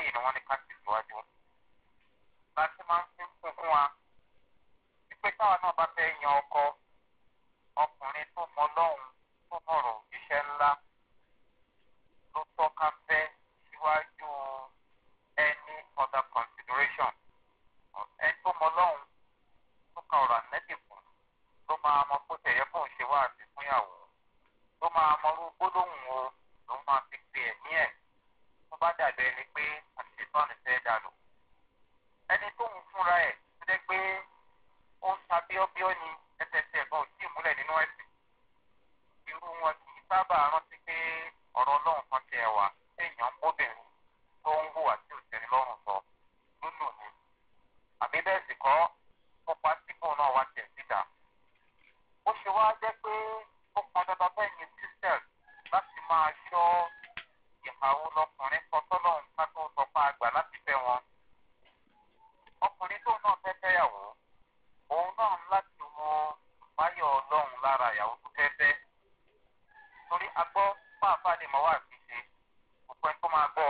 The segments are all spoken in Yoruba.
eléyìí ni wọ́n ní ká tẹ̀síwájú. Bá a ti máa ń fi ń fún wa ọkọ ọkùnrin tó mọ lọ́hùn tó mọ̀rọ̀ iṣẹ́ ńlá ló tọ́ka fẹ́ síwájú any other consideration. Ẹni tó mọ lọ́hùn tó ka ọ̀rọ̀ ànẹ́bì ló máa mọ bó o ló máa ẹ̀mí ẹ̀ tó bá dàbẹ̀ ṣètọ́nù fẹ́ dà lọ. ẹni tóun fúnra ẹ̀ tó pé ó ń sa bíọ́bíọ́ ni lára ìyàwó tó fẹ́ fẹ́ torí agbọ́ pàápàá lè mọ́ wà fi ṣe òpó ẹni tó máa gbọ́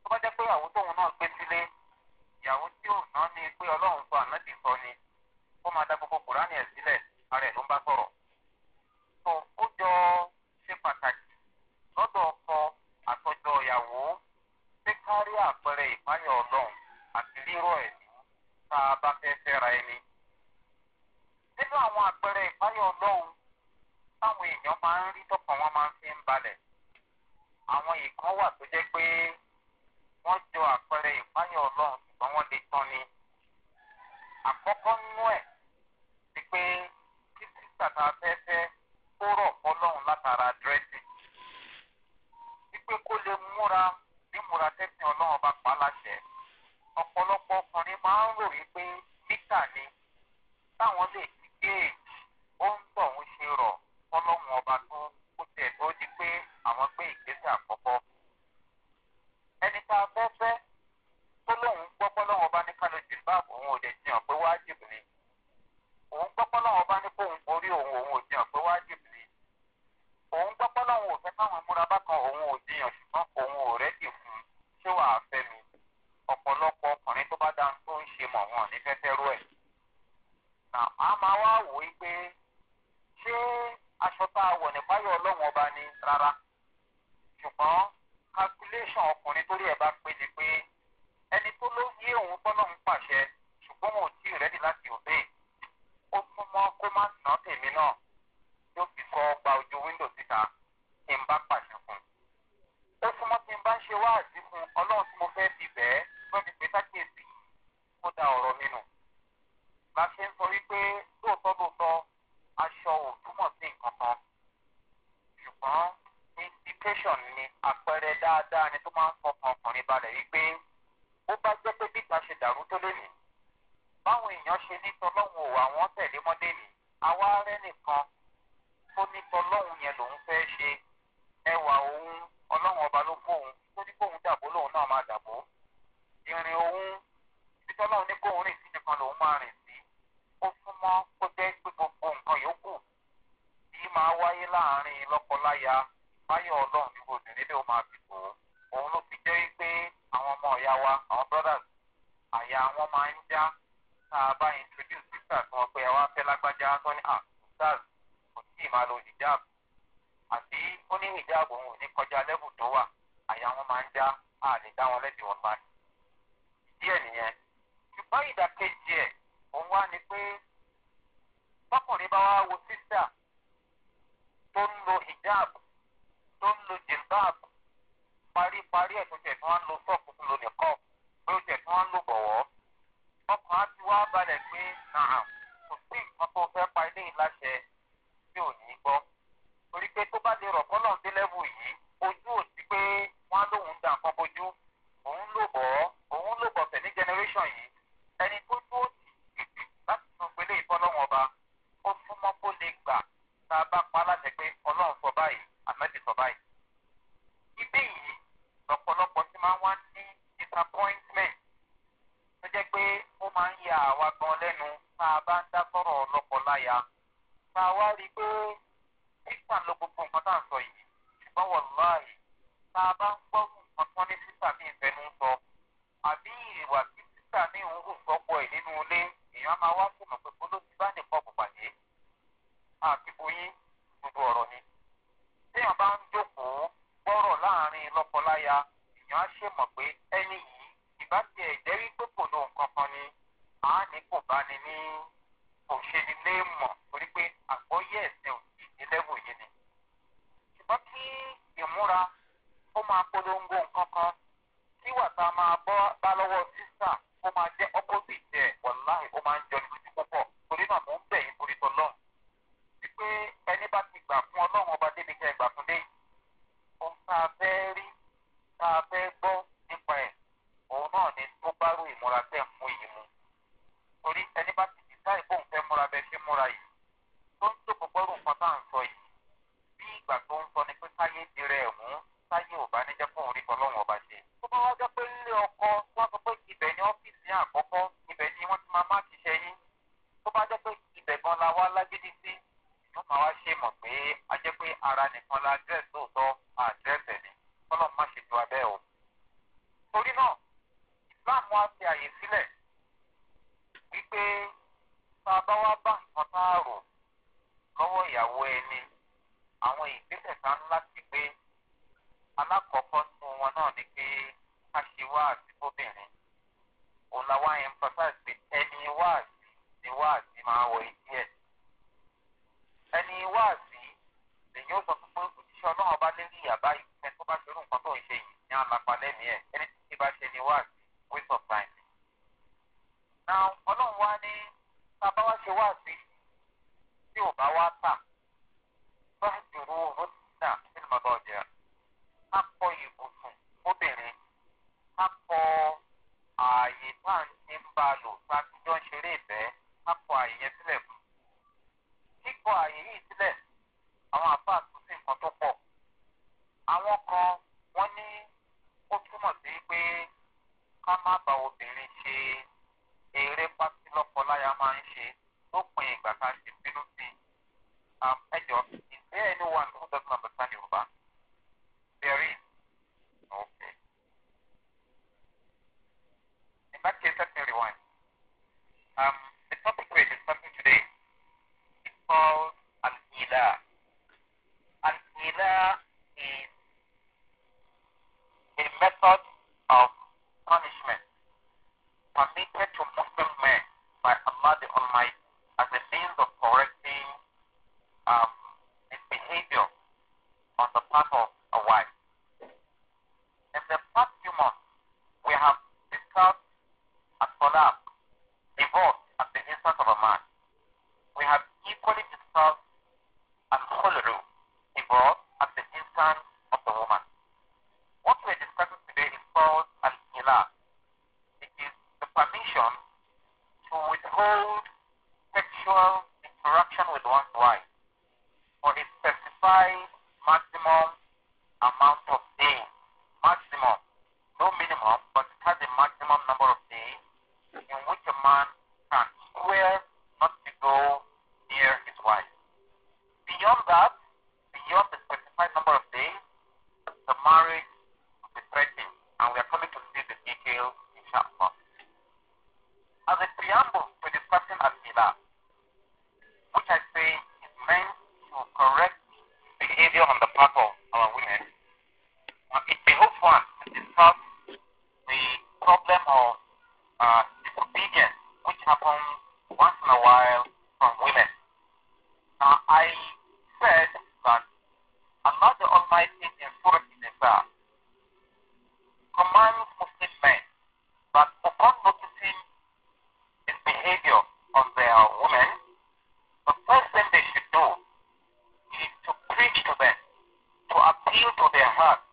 tó bá jẹ́ pé ìyàwó tóun náà gbé sílé ìyàwó tí ò ná ni pé ọlọ́run sọ ànábì sọ ni ó máa da gbogbo kùránì ẹ̀ sílẹ̀ ara ọkọ ìyàwó pé àpẹẹrẹ ìpáyọ̀ ọlọ́run àti rírọ̀ ẹ̀ tá a bá fẹ́ nínú àwọn àpẹẹrẹ ìpáyọ̀ ọlọ́run táwọn èèyàn máa ń rí tọkàn wọn máa ń fi ń balẹ̀ àwọn ìkan wà tó jẹ́ pé wọ́n jọ àpẹẹrẹ ìpáyọ̀ ọlọ́run ṣùgbọ́n wọ́n lè tán ni àkọ́kọ́ nínú ẹ̀ ni pé títí tàtà fẹ́ tó ní tọlọ́hún yẹn lòún fẹ́ ṣe ẹwà òun ọlọ́run ọba ló fóun tó ní kóun dàbò lòun náà máa dàbò ìrìn òun ibi tọ́lọ́run ní kóun rìn sí nìkan lòun máa rìn sí ó súnmọ́ kó jẹ́ pé gbogbo nǹkan yòókù kì í máa wáyé láàrin lọ́kọláya báyọ̀ ọlọ́run ní gbòdì nílé ó máa fi tò ó òun ló fi jẹ́ pé àwọn ọmọ ọ̀yá wa àwọn brothers àyà wọn máa ń já tá a bá introduce sisters wọn pé àwa fẹ́ lágbájá tó ní ah sisters kò tí ì máa lo hijab àti ó ní hijab òun ò ní kọjá lẹ́bù tó wà àyà wọn máa ń a dá wọn lẹ́bi wọn báyìí. díẹ̀ nìyẹn ṣùgbọ́n ìdàkejì ẹ̀ ni pé bá wá wo sísà tó ń lo hijab tó ń lo jìlbáàbù paríparí ẹ̀ tó tẹ̀ tí wọ́n lo sọ́ọ̀kù tó lo nìkan pé ó tẹ̀ tí wọ́n lo bọ̀wọ́ ọkàn á ti wá balẹ̀ pé nàá kò sí nǹkan tó fẹ́ tí ò ní gbọ́ torí pé tó bá lè rọ̀ kọ́ lọ́n dé yìí ojú ò sí pé wọ́n á lóun dà nǹkan bojú òun lò bọ́ òun lò bọ̀ tẹ̀ ní generation yìí ẹni tó sísà ló gbogbo nǹkan tá à ń sọ yìí ṣùgbọ́n wọ́n tá a bá ń gbọ́ nǹkan tán ní sísà ní ìfẹ́nu ń sọ àbí ìwà tí sísà ní òun rò sọ́pọ̀ ẹ̀ nínú ilé èèyàn máa wá fún bá nìkan àti gbogbo ọ̀rọ̀ ni. téèyàn bá ń jókòó gbọ́rọ̀ láàrin lọ́kọláya èèyàn á mọ̀ pé ẹni yìí ìbá jẹ́rí pé kò ni àá ni mọ̀. máa polongo nǹkan kan tí wàtá máa bọ́ bá lọ́wọ́ na ọlọ́run wá ní bàbá wa ṣe wá sí tí ò bá wá tà. old sexual interaction with one's happens once in a while from women. Now I said that Allah the Almighty in Surah Nisa commands Muslim men that upon noticing this behavior of their women, the first thing they should do is to preach to them, to appeal to their hearts.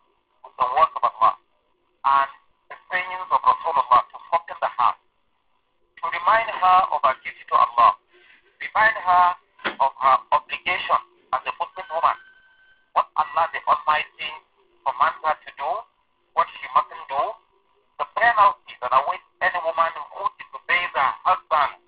her of her obligation as a Muslim woman. What Allah the Almighty commands her to do, what she mustn't do, the penalty that awaits any woman who disobeys her husband